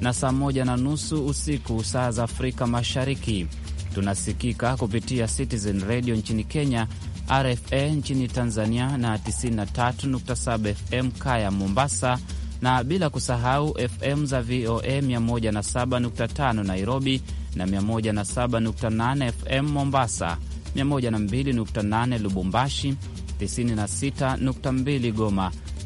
na saa moja na nusu usiku saa za Afrika Mashariki. Tunasikika kupitia Citizen Radio nchini Kenya, RFA nchini Tanzania na 93.7 FM Kaya Mombasa, na bila kusahau FM za VOA 107.5 Nairobi na 107.8 FM Mombasa, 102.8 Lubumbashi, 96.2 Goma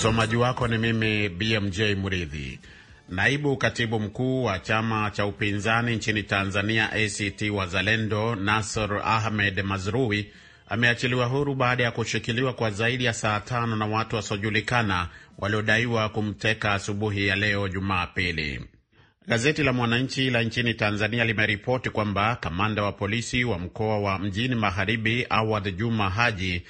Msomaji wako ni mimi BMJ mridhi Naibu katibu mkuu wa chama cha upinzani nchini Tanzania ACT Wazalendo, Nasr Ahmed Mazrui ameachiliwa huru baada ya kushikiliwa kwa zaidi ya saa tano na watu wasiojulikana waliodaiwa kumteka asubuhi ya leo Jumapili. Gazeti la Mwananchi la nchini Tanzania limeripoti kwamba kamanda wa polisi wa mkoa wa Mjini Magharibi Awad Juma Haji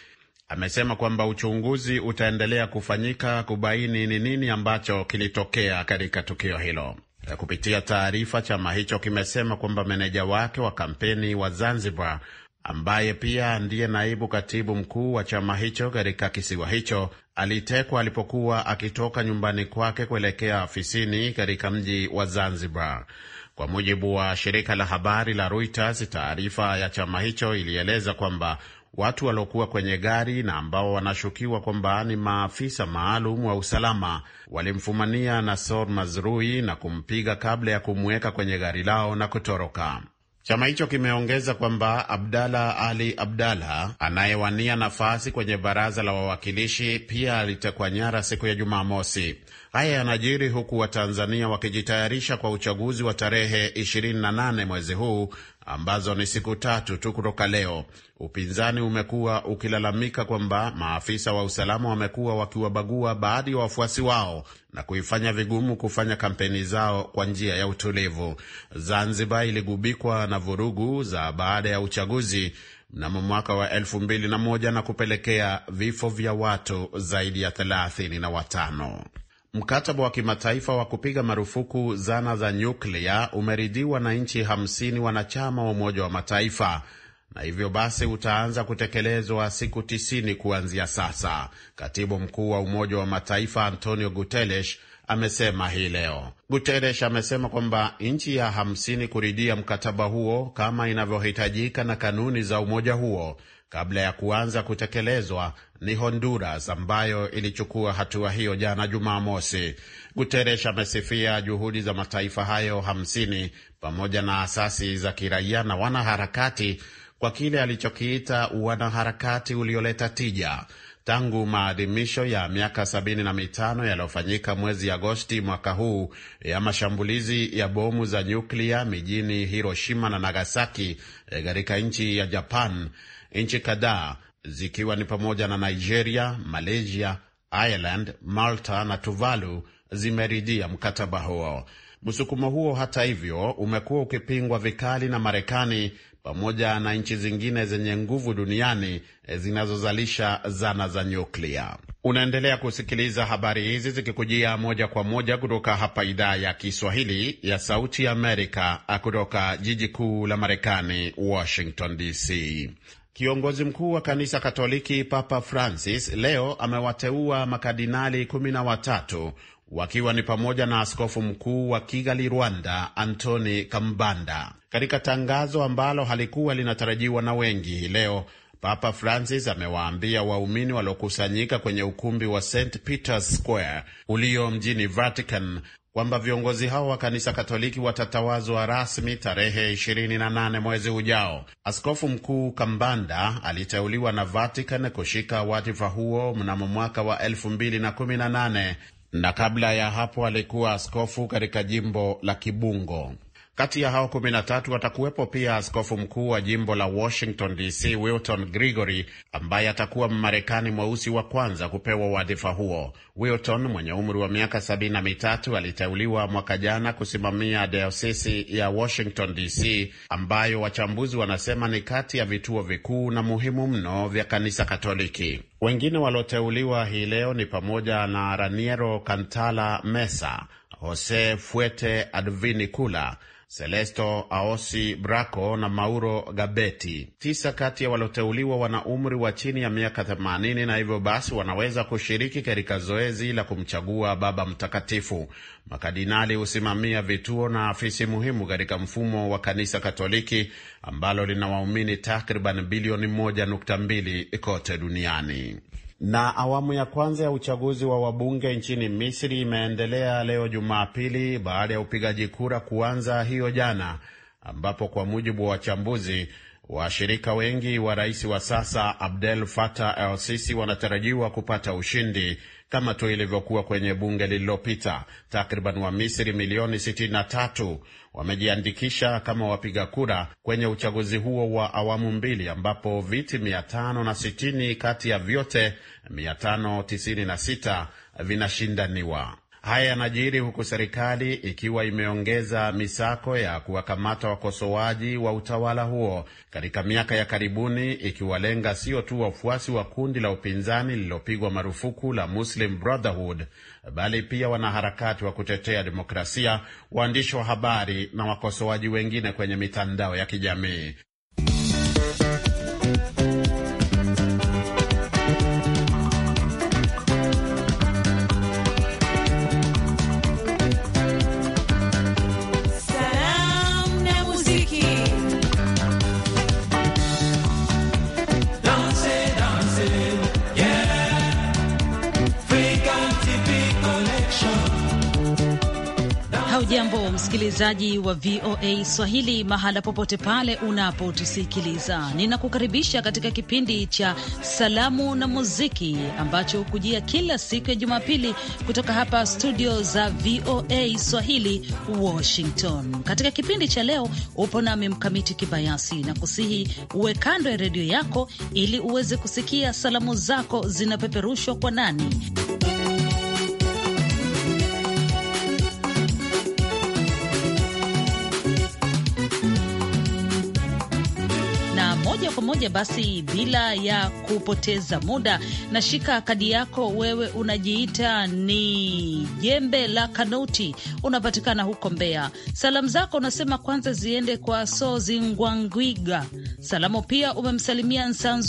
amesema kwamba uchunguzi utaendelea kufanyika kubaini ni nini ambacho kilitokea katika tukio hilo. Eh, kupitia taarifa, chama hicho kimesema kwamba meneja wake wa kampeni wa Zanzibar ambaye pia ndiye naibu katibu mkuu wa chama hicho katika kisiwa hicho alitekwa alipokuwa akitoka nyumbani kwake kuelekea afisini katika mji wa Zanzibar. Kwa mujibu wa shirika la habari la Reuters, taarifa ya chama hicho ilieleza kwamba watu waliokuwa kwenye gari na ambao wanashukiwa kwamba ni maafisa maalum wa usalama walimfumania Nasor Mazrui na kumpiga kabla ya kumweka kwenye gari lao na kutoroka. Chama hicho kimeongeza kwamba Abdalla Ali Abdalla anayewania nafasi kwenye baraza la wawakilishi pia alitekwa nyara siku ya Jumamosi. Haya yanajiri huku Watanzania wakijitayarisha kwa uchaguzi wa tarehe 28 mwezi huu ambazo ni siku tatu tu kutoka leo, upinzani umekuwa ukilalamika kwamba maafisa wa usalama wamekuwa wakiwabagua baadhi ya wafuasi wao na kuifanya vigumu kufanya kampeni zao kwa njia ya utulivu. Zanzibar iligubikwa na vurugu za baada ya uchaguzi mnamo mwaka wa elfu mbili na moja na kupelekea vifo vya watu zaidi ya thelathini na watano. Mkataba wa kimataifa wa kupiga marufuku zana za nyuklia umeridhiwa na nchi hamsini wanachama wa Umoja wa Mataifa na hivyo basi utaanza kutekelezwa siku tisini kuanzia sasa. Katibu mkuu wa Umoja wa Mataifa Antonio Guterres amesema hii leo. Guterres amesema kwamba nchi ya hamsini kuridhia mkataba huo kama inavyohitajika na kanuni za umoja huo kabla ya kuanza kutekelezwa ni Honduras ambayo ilichukua hatua hiyo jana Jumamosi. Guterres amesifia juhudi za mataifa hayo hamsini pamoja na asasi za kiraia na wanaharakati kwa kile alichokiita wanaharakati ulioleta tija tangu maadhimisho ya miaka sabini na mitano yaliyofanyika mwezi Agosti mwaka huu ya mashambulizi ya bomu za nyuklia mijini Hiroshima na Nagasaki eh, katika nchi ya Japan nchi kadhaa zikiwa ni pamoja na Nigeria, Malaysia, Ireland, Malta na Tuvalu zimeridhia mkataba huo. Msukumo huo hata hivyo umekuwa ukipingwa vikali na Marekani pamoja na nchi zingine zenye nguvu duniani eh, zinazozalisha zana za nyuklia. Unaendelea kusikiliza habari hizi zikikujia moja kwa moja kutoka hapa idhaa ya Kiswahili ya Sauti ya Amerika, kutoka jiji kuu la Marekani, Washington DC. Kiongozi mkuu wa kanisa Katoliki Papa Francis leo amewateua makardinali kumi na watatu wakiwa ni pamoja na askofu mkuu wa Kigali, Rwanda, Antoni Kambanda. Katika tangazo ambalo halikuwa linatarajiwa na wengi leo, Papa Francis amewaambia waumini waliokusanyika kwenye ukumbi wa St Peter's Square ulio mjini Vatican kwamba viongozi hao wa kanisa Katoliki watatawazwa rasmi tarehe 28 mwezi ujao. Askofu mkuu Kambanda aliteuliwa na Vatican kushika wadhifa huo mnamo mwaka wa 2018 na kabla ya hapo alikuwa askofu katika jimbo la Kibungo. Kati ya hao kumi na tatu watakuwepo pia askofu mkuu wa jimbo la Washington DC Wilton Gregory, ambaye atakuwa Mmarekani mweusi wa kwanza kupewa wadhifa huo. Wilton mwenye umri wa miaka sabini na mitatu aliteuliwa mwaka jana kusimamia dayosisi ya Washington DC, ambayo wachambuzi wanasema ni kati ya vituo vikuu na muhimu mno vya kanisa Katoliki. Wengine walioteuliwa hii leo ni pamoja na Raniero Kantala Mesa, Jose Fuete Advinicula Selesto Aosi Braco na Mauro Gabeti. Tisa kati ya walioteuliwa wana umri wa chini ya miaka 80 na hivyo basi wanaweza kushiriki katika zoezi la kumchagua Baba Mtakatifu. makadinali husimamia vituo na afisi muhimu katika mfumo wa Kanisa Katoliki ambalo lina waumini takriban bilioni 1.2 kote duniani. Na awamu ya kwanza ya uchaguzi wa wabunge nchini Misri imeendelea leo Jumapili baada ya upigaji kura kuanza hiyo jana, ambapo kwa mujibu wa wachambuzi washirika wengi wa rais wa sasa Abdel Fattah el Sisi wanatarajiwa kupata ushindi kama tu ilivyokuwa kwenye bunge lililopita. Takriban Wamisri milioni 63 wamejiandikisha kama wapiga kura kwenye uchaguzi huo wa awamu mbili, ambapo viti 560 kati ya vyote 596 vinashindaniwa. Haya yanajiri huku serikali ikiwa imeongeza misako ya kuwakamata wakosoaji wa utawala huo katika miaka ya karibuni, ikiwalenga sio tu wafuasi wa kundi la upinzani lililopigwa marufuku la Muslim Brotherhood, bali pia wanaharakati wa kutetea demokrasia, waandishi wa habari na wakosoaji wengine kwenye mitandao ya kijamii. Hujambo msikilizaji wa VOA Swahili mahala popote pale unapotusikiliza, ninakukaribisha katika kipindi cha salamu na muziki ambacho hukujia kila siku ya Jumapili kutoka hapa studio za VOA Swahili Washington. Katika kipindi cha leo upo nami Mkamiti Kibayasi na kusihi uwe kando ya redio yako ili uweze kusikia salamu zako zinapeperushwa kwa nani. moja kwa moja basi, bila ya kupoteza muda, nashika kadi yako. Wewe unajiita ni jembe la Kanuti, unapatikana huko Mbeya. Salamu zako unasema kwanza ziende kwa Sozi Ngwangwiga. Salamu pia umemsalimia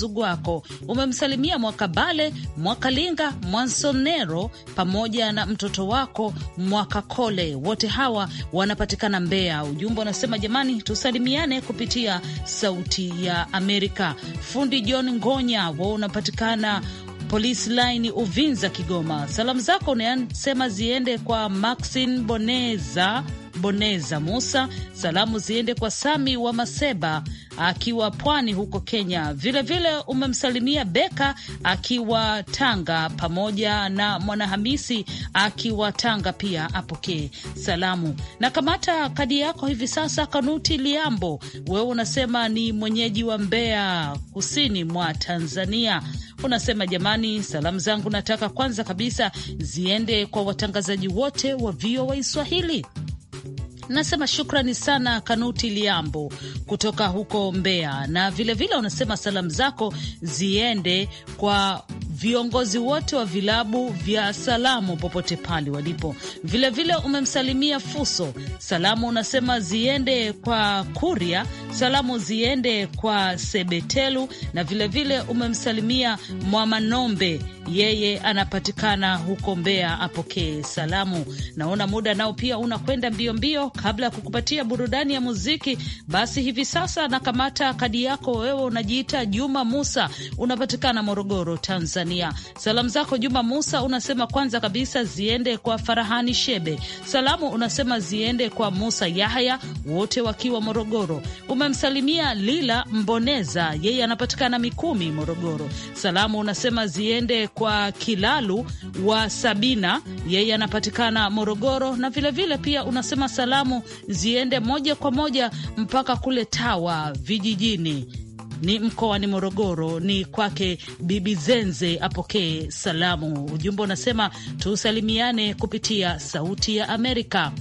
Gwako, umemsalimia Mwakabale, Mwakalinga, Mwansonero pamoja na mtoto wako Mwakakole. Wote hawa wanapatikana Mbeya. Ujumbe unasema jamani, tusalimiane kupitia Sauti ya Amerika. Fundi John Ngonya wa unapatikana Polisi Line Uvinza, Kigoma. Salamu zako unasema ziende kwa Maxin Boneza Boneza Musa. Salamu ziende kwa Sami wa Maseba akiwa Pwani huko Kenya. Vilevile vile umemsalimia Beka akiwa Tanga, pamoja na Mwanahamisi akiwa Tanga pia apokee salamu. Na kamata kadi yako hivi sasa, Kanuti Liambo, wewe unasema ni mwenyeji wa Mbeya, kusini mwa Tanzania. Unasema jamani, salamu zangu nataka kwanza kabisa ziende kwa watangazaji wote wa VOA Swahili Nasema shukrani sana Kanuti Liambo kutoka huko Mbeya, na vilevile unasema salamu zako ziende kwa viongozi wote wa vilabu vya salamu popote pale walipo. Vilevile umemsalimia Fuso, salamu unasema ziende kwa Kuria, salamu ziende kwa Sebetelu na vilevile umemsalimia Mwamanombe yeye anapatikana huko Mbeya, apokee salamu. Naona muda nao pia unakwenda mbio mbio. Kabla ya kukupatia burudani ya muziki, basi hivi sasa nakamata kadi yako. Wewe unajiita Juma Musa, unapatikana Morogoro, Tanzania. Salamu zako Juma Musa unasema kwanza kabisa ziende kwa Farahani Shebe, salamu unasema ziende kwa Musa Yahya, wote wakiwa Morogoro. Umemsalimia Lila Mboneza, yeye anapatikana Mikumi, Morogoro. Salamu unasema ziende kwa Kilalu wa Sabina, yeye anapatikana Morogoro, na vilevile vile pia unasema salamu ziende moja kwa moja mpaka kule Tawa vijijini ni mkoani Morogoro, ni kwake Bibi Zenze apokee salamu. Ujumbe unasema tusalimiane kupitia Sauti ya Amerika.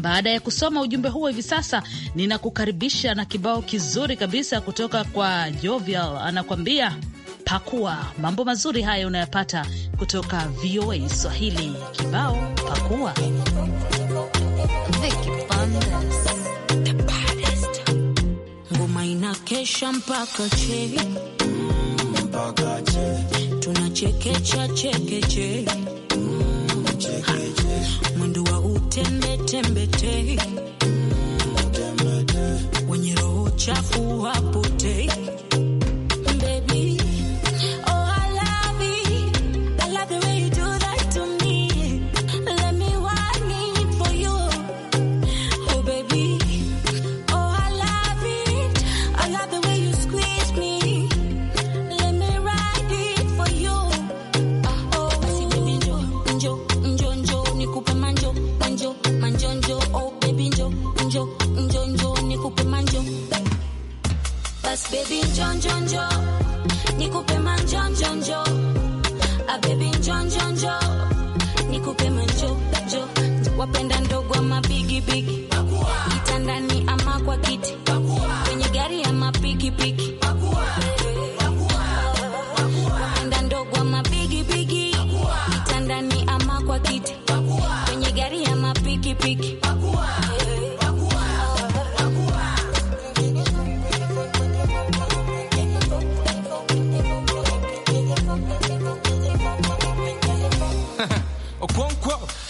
Baada ya kusoma ujumbe huo, hivi sasa ninakukaribisha na kibao kizuri kabisa kutoka kwa Jovial, anakwambia Pakua. Mambo mazuri haya unayapata kutoka VOA Swahili. Kibao pakua ngoma inakesha mpaka che tunachekecha chekeche mwendo wa utembetembete wenye roho chafu wapotei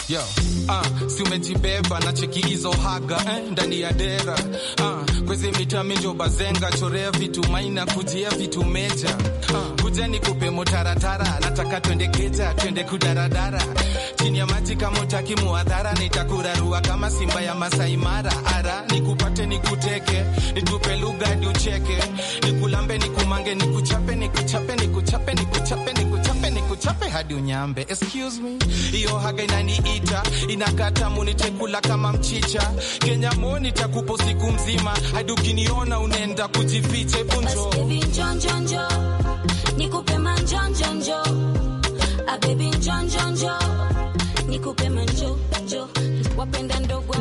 yo ah, si umejibeba na cheki hizo haga eh, ndani ya dera ah, kwezi mita mijo bazenga chorea vitu maina kujia vitu meja ah, kuja ni kupe motaratara nataka twende keja twende kudaradara chini ya maji kama utaki muadhara nitakurarua kama simba ya Masai Mara ara nikupate nikuteke nitupe lugha di ucheke nikulambe nikumange nikuchape nikuchape nikuchape nikuchape nikuchape nikuchape hadi unyambe excuse me hiyo haga ina inaniita inakata muni chekula kama mchicha Kenya moni takupo siku mzima hadi ukiniona unaenda kujificha punjo nikupe manjonjonjo ah, abebi njonjonjo nikupe manjonjo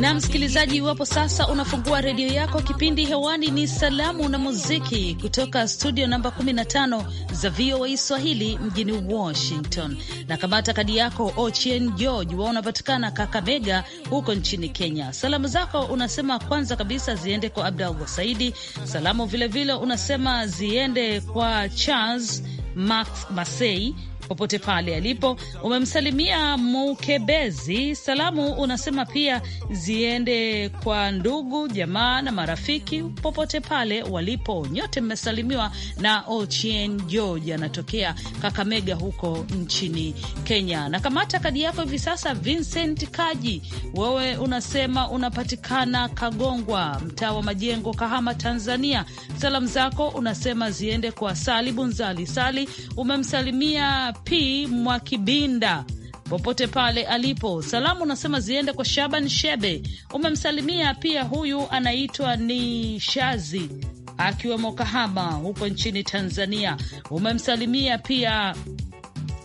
na msikilizaji, iwapo sasa unafungua redio yako, kipindi hewani ni salamu na muziki kutoka studio namba 15 za VOA Swahili mjini Washington. Na kamata kadi yako, Ochien George wa unapatikana Kakamega huko nchini Kenya. Salamu zako unasema kwanza kabisa ziende kwa Abdallah Saidi. Salamu vilevile vile unasema ziende kwa Charles Max Masei popote pale alipo. Umemsalimia Mukebezi, salamu unasema pia ziende kwa ndugu jamaa na marafiki popote pale walipo. Nyote mmesalimiwa na Ochien George, anatokea Kakamega huko nchini Kenya. Na kamata kadi yako hivi sasa, Vincent Kaji, wewe unasema unapatikana Kagongwa, mtaa wa Majengo, Kahama, Tanzania. Salamu zako unasema ziende kwa Sali Bunzali Sali, umemsalimia P Mwakibinda popote pale alipo. Salamu unasema ziende kwa Shaban Shebe, umemsalimia pia huyu anaitwa ni Shazi akiwemo Kahama huko nchini Tanzania. Umemsalimia pia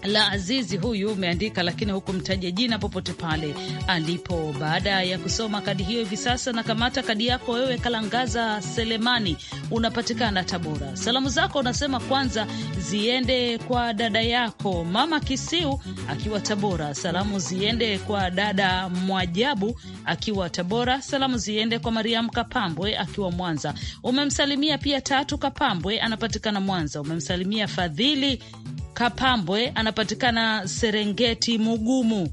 la Azizi huyu umeandika, lakini hukumtaja jina popote pale alipo. Baada ya kusoma kadi hiyo, hivi sasa nakamata kadi yako wewe, Kalangaza Selemani, unapatikana Tabora. Salamu zako unasema kwanza ziende kwa dada yako mama Kisiu akiwa Tabora. Salamu ziende kwa dada Mwajabu akiwa Tabora. Salamu ziende kwa Mariamu Kapambwe akiwa Mwanza. Umemsalimia pia Tatu Kapambwe, anapatikana Mwanza. Umemsalimia Fadhili Kapambwe anapatikana Serengeti Mugumu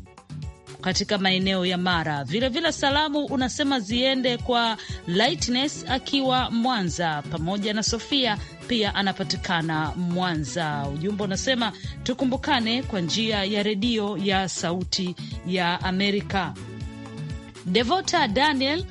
katika maeneo ya Mara. Vilevile vile salamu unasema ziende kwa Lightness akiwa Mwanza, pamoja na Sofia pia anapatikana Mwanza. Ujumbe unasema tukumbukane kwa njia ya redio ya Sauti ya Amerika. Devota Daniel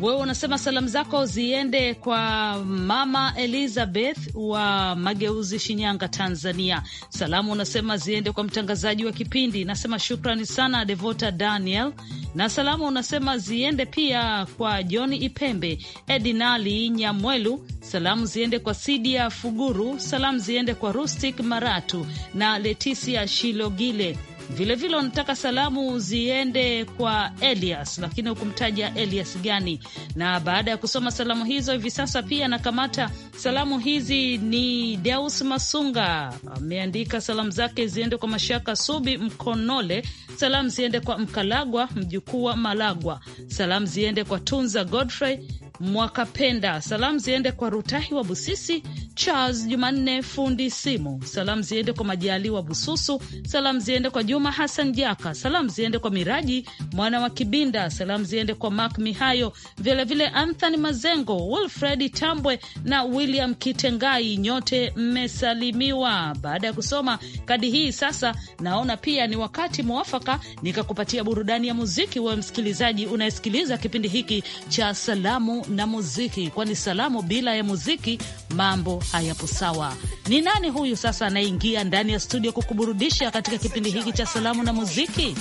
wewe unasema salamu zako ziende kwa mama Elizabeth wa Mageuzi, Shinyanga, Tanzania. Salamu unasema ziende kwa mtangazaji wa kipindi, nasema shukrani sana Devota Daniel, na salamu unasema ziende pia kwa Joni Ipembe, Edinali Nyamwelu. Salamu ziende kwa Sidia Fuguru. Salamu ziende kwa Rustic Maratu na Letisia Shilogile. Vilevile wanataka salamu ziende kwa Elias, lakini hukumtaja Elias gani. Na baada ya kusoma salamu hizo, hivi sasa pia nakamata salamu hizi. Ni Deus Masunga ameandika salamu zake ziende kwa Mashaka Subi Mkonole, salamu ziende kwa Mkalagwa mjukuu wa Malagwa, salamu ziende kwa Tunza Godfrey Mwakapenda. Salamu ziende kwa Rutahi wa Busisi, Charles Jumanne fundi simu. Salamu ziende kwa Majaliwa Bususu. Salamu ziende kwa Juma Hassan Jaka. Salamu ziende kwa Miraji mwana wa Kibinda. Salamu ziende kwa Mark Mihayo, vilevile Anthony Mazengo, Wilfred Tambwe na William Kitengai, nyote mmesalimiwa. Baada ya kusoma kadi hii, sasa naona pia ni wakati mwafaka nikakupatia burudani ya muziki, wewe msikilizaji unayesikiliza kipindi hiki cha salamu na muziki, kwani salamu bila ya muziki mambo hayapo sawa. Ni nani huyu sasa anayeingia ndani ya studio kukuburudisha katika kipindi hiki cha salamu na muziki?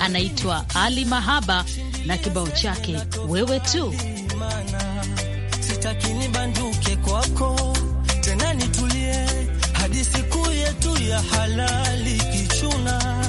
Anaitwa Ali Mahaba na kibao chake wewe tu. Sitaki nibanduke kwako tena, nitulie hadi siku yetu ya halali kichuna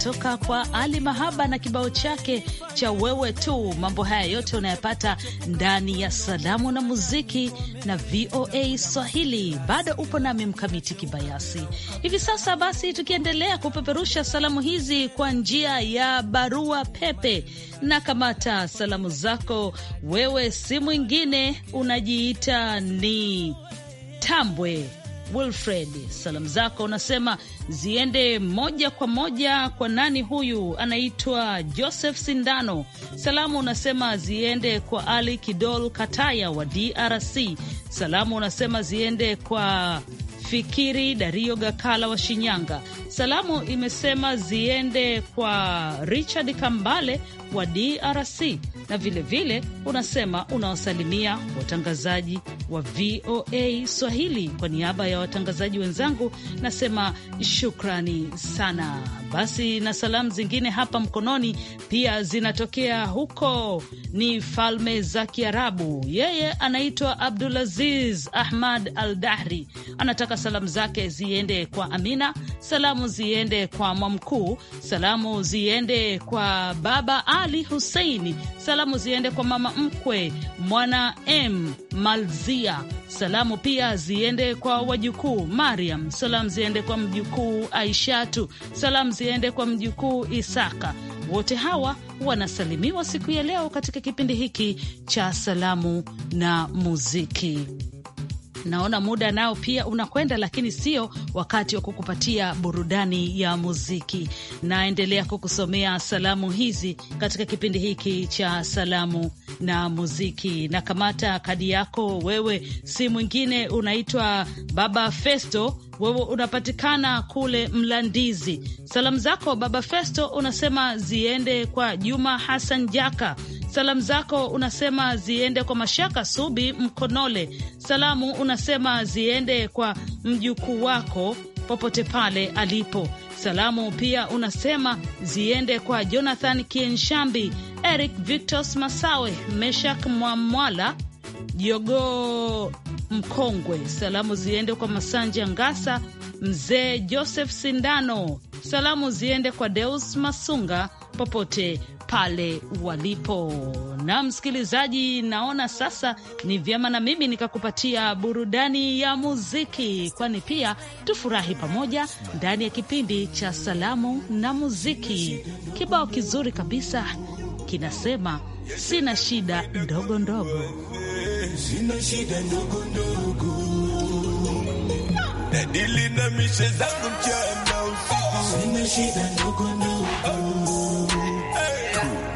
kutoka kwa Ali Mahaba na kibao chake cha wewe tu. Mambo haya yote unayapata ndani ya salamu na muziki na VOA Swahili. Bado upo nami Mkamiti Kibayasi hivi sasa. Basi tukiendelea kupeperusha salamu hizi kwa njia ya barua pepe, na kamata salamu zako wewe, si mwingine unajiita ni Tambwe Wilfred, salamu zako unasema ziende moja kwa moja kwa nani huyu anaitwa Joseph Sindano. Salamu unasema ziende kwa Ali Kidol Kataya wa DRC. Salamu unasema ziende kwa Fikiri Dario Gakala wa Shinyanga. Salamu imesema ziende kwa Richard Kambale wa DRC na vilevile vile, unasema unawasalimia watangazaji wa VOA Swahili. Kwa niaba ya watangazaji wenzangu nasema shukrani sana. Basi na salamu zingine hapa mkononi pia zinatokea huko, ni falme za Kiarabu. Yeye anaitwa Abdulaziz Ahmad Al Dahri, anataka salamu zake ziende kwa Amina, salamu ziende kwa Mwamkuu, salamu ziende kwa baba ali Huseini. Salamu ziende kwa mama mkwe mwana m Malzia. Salamu pia ziende kwa wajukuu Mariam. Salamu ziende kwa mjukuu Aishatu. Salamu ziende kwa mjukuu Isaka. Wote hawa wanasalimiwa siku ya leo katika kipindi hiki cha salamu na muziki naona muda nao pia unakwenda, lakini sio wakati wa kukupatia burudani ya muziki. Naendelea kukusomea salamu hizi katika kipindi hiki cha salamu na muziki, na kamata kadi yako. Wewe si mwingine, unaitwa Baba Festo. Wewe unapatikana kule Mlandizi. Salamu zako Baba Festo unasema ziende kwa Juma Hassan Jaka Salamu zako unasema ziende kwa Mashaka Subi Mkonole. Salamu unasema ziende kwa mjukuu wako popote pale alipo. Salamu pia unasema ziende kwa Jonathan Kienshambi, Eric Victos Masawe, Meshak Mwamwala, Jogo Mkongwe. Salamu ziende kwa Masanja Ngasa, mzee Joseph Sindano. Salamu ziende kwa Deus Masunga popote pale walipo. Na msikilizaji, naona sasa ni vyema na mimi nikakupatia burudani ya muziki, kwani pia tufurahi pamoja ndani ya kipindi cha salamu na muziki. Kibao kizuri kabisa kinasema sina shida ndogo ndogo. sina shida ndogo ndogo, na dili na mishe zangu mchana usiku, sina shida ndogo ndogo,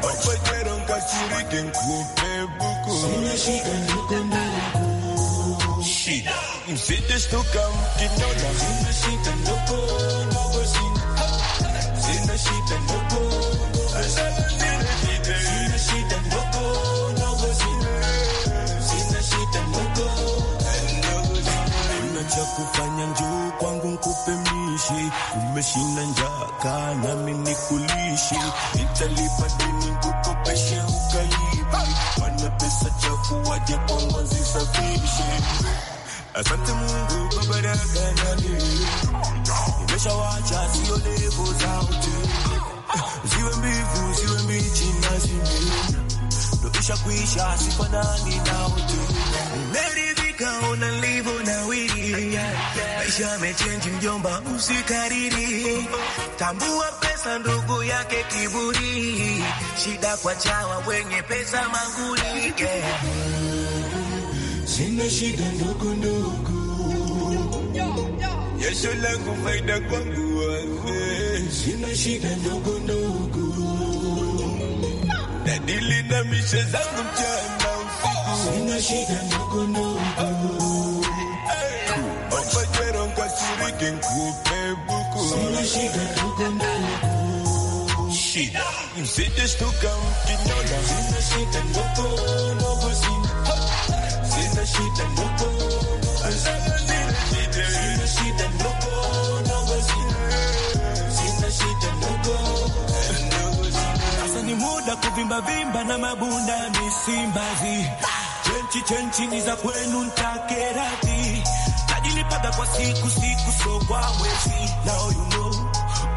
opatero nkashiriki nkupe buku, sina shida ndogo ndogo, shida msije shtuka mkiniona, sina shida ndogo ndogo, sina shida ndogo ndogo kufanya njoo kwangu nkupe mishi, umeshinda njaa nami nikulishi, nitalipa deni kukopeshe ukalipa, wana pesa chafu waje kwangu nzisafishe. Asante Mungu Baba, baraka nami nimeshawacha, sio levo za utini, ziwe mbivu ziwe mbichi na zingine, ndo kisha kuisha sifanani na utini maisha yamechenji, mjomba, usikariri. Tambua pesa ndugu yake kiburi, shida kwa chawa wenye pesa manguli. Yeah. Sina shida ndogo ndogo, jasho langu faida kwangu wewe. Sina shida ndogo ndogo, nadili na mishe zangu mchana usiku. Sina shida ndogo ndogo shida zideshtuka mkinyola sasa ni muda vimba na mabunda misimbazi chenchi chenchi ni za kwenu nilipada kwa siku siku, so kwa mwezi now you know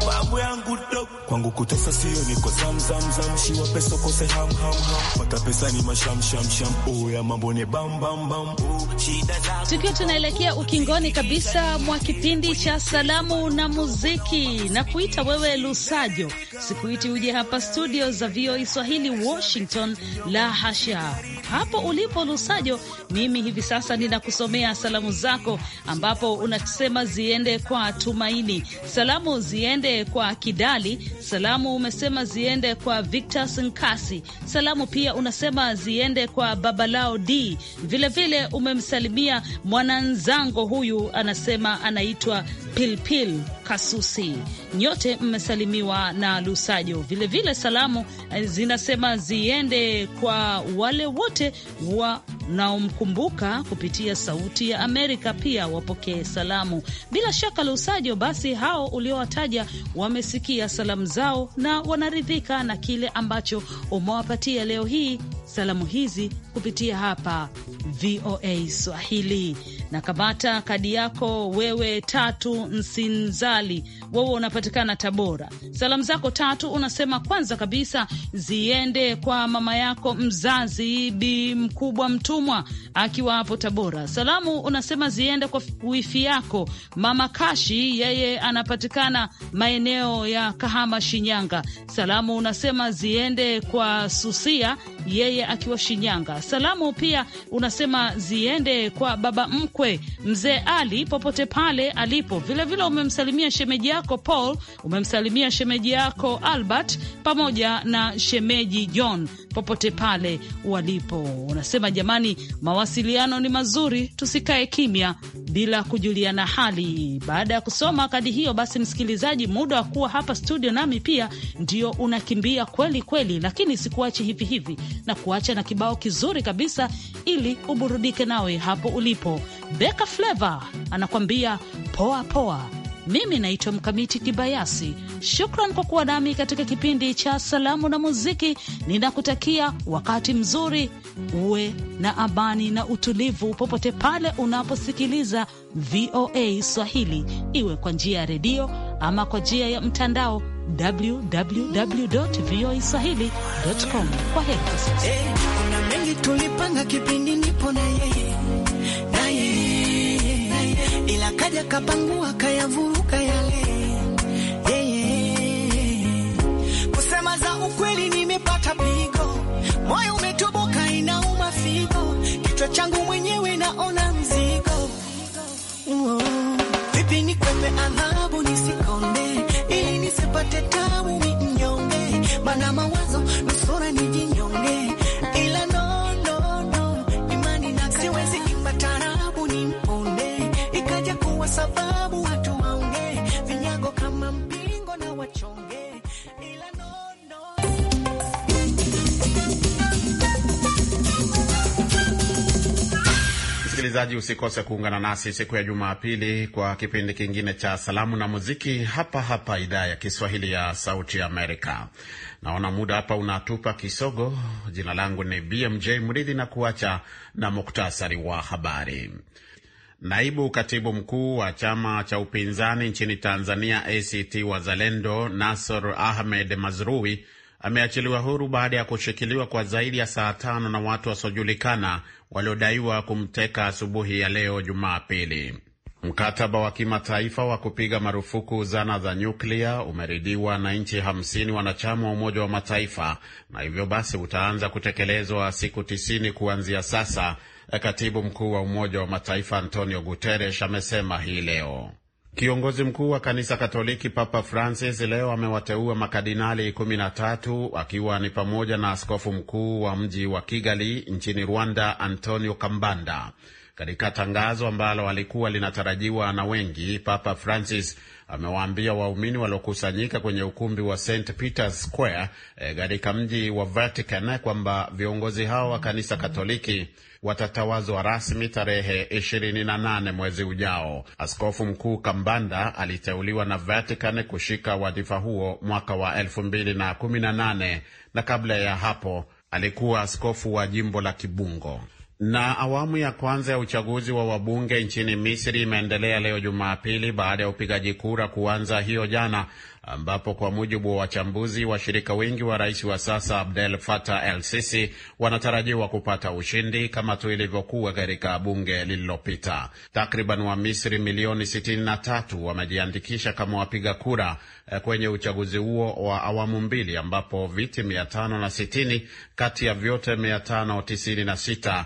babu yangu do kwangu kutesa sio ni kwa zam zam zam shiwa peso kose ham ham ham pata pesa ni masham sham sham oh ya mambo ni bam bam bam oh shida za tukiwa tunaelekea ukingoni kabisa mwa kipindi cha salamu na muziki na kuita wewe Lusajo, sikuiti uje hapa studio za VOA Swahili Washington, la hasha hapo ulipo Lusajo, mimi hivi sasa ninakusomea salamu zako, ambapo unasema ziende kwa Tumaini, salamu ziende kwa Kidali, salamu umesema ziende kwa Victor Sinkasi, salamu pia unasema ziende kwa Babalao D. Vilevile umemsalimia mwananzango huyu, anasema anaitwa Pilpil Kasusi, nyote mmesalimiwa na Lusajo. Vilevile salamu eh, zinasema ziende kwa wale wote wanaomkumbuka kupitia Sauti ya Amerika, pia wapokee salamu. Bila shaka Lusajo, basi hao uliowataja wamesikia salamu zao na wanaridhika na kile ambacho umewapatia leo hii, salamu hizi kupitia hapa VOA Swahili na kamata kadi yako wewe, Tatu Msinzali, wewe unapatikana Tabora. Salamu zako Tatu unasema kwanza kabisa ziende kwa mama yako mzazi Bi Mkubwa Mtumwa akiwa hapo Tabora. Salamu unasema ziende kwa wifi yako mama Kashi, yeye anapatikana maeneo ya Kahama, Shinyanga. Salamu unasema ziende kwa Susia, yeye akiwa Shinyanga. Salamu pia unasema ziende kwa baba mku mkwe mzee Ali popote pale alipo. Vilevile umemsalimia shemeji yako Paul, umemsalimia shemeji yako Albert pamoja na shemeji John popote pale walipo. Unasema jamani, mawasiliano ni mazuri, tusikae kimya bila kujuliana hali. Baada ya kusoma kadi hiyo, basi msikilizaji, muda wa kuwa hapa studio nami pia ndio unakimbia kweli kweli, lakini sikuachi hivi hivi, na kuacha na kibao kizuri kabisa ili uburudike nawe hapo ulipo. Beka Fleva anakuambia poa poa. Mimi naitwa Mkamiti Kibayasi. Shukran kwa kuwa nami katika kipindi cha salamu na muziki. Ninakutakia wakati mzuri, uwe na amani na utulivu popote pale unaposikiliza VOA Swahili, iwe kwa njia ya redio ama kwa njia ya mtandao www.voaswahili.com. Kwa heri kwa sasa. Hey, kuna mengi tulipanga kipindi nipo na yeye akapangua kayavua Msikilizaji, usikose kuungana nasi siku ya Jumapili kwa kipindi kingine cha salamu na muziki hapa hapa idhaa ya Kiswahili ya Sauti Amerika. Naona muda hapa unatupa kisogo. Jina langu ni BMJ Mridhi na kuacha na muktasari wa habari. Naibu katibu mkuu wa chama cha upinzani nchini Tanzania ACT Wazalendo, Nasor Ahmed Mazrui ameachiliwa huru baada ya kushikiliwa kwa zaidi ya saa tano na watu wasiojulikana waliodaiwa kumteka asubuhi ya leo Jumapili. Mkataba wa kimataifa wa kupiga marufuku zana za nyuklia umeridhiwa na nchi hamsini wanachama wa Umoja wa Mataifa, na hivyo basi utaanza kutekelezwa siku tisini kuanzia sasa. Katibu mkuu wa Umoja wa Mataifa Antonio Guterres amesema hii leo. Kiongozi mkuu wa kanisa Katoliki Papa Francis leo amewateua na 13 akiwa ni pamoja na askofu mkuu wa mji wa Kigali nchini Rwanda, Antonio Kambanda. Katika tangazo ambalo alikuwa linatarajiwa na wengi, Papa Francis amewaambia waumini waliokusanyika kwenye ukumbi wa St Peter's Square eh, katika e, mji wa Vatican kwamba viongozi hao wa kanisa Katoliki watatawazwa rasmi tarehe 28 mwezi ujao. Askofu mkuu Kambanda aliteuliwa na Vatican kushika wadhifa huo mwaka wa 2018 na kabla ya hapo alikuwa askofu wa jimbo la Kibungo. Na awamu ya kwanza ya uchaguzi wa wabunge nchini Misri imeendelea leo Jumapili baada ya upigaji kura kuanza hiyo jana, ambapo kwa mujibu wa wachambuzi, washirika wengi wa rais wa sasa Abdel Fattah El Sisi wanatarajiwa kupata ushindi kama tu ilivyokuwa katika bunge lililopita. Takriban wa Misri milioni 63 wamejiandikisha kama wapiga kura eh, kwenye uchaguzi huo wa awamu mbili, ambapo viti 560 kati ya vyote 596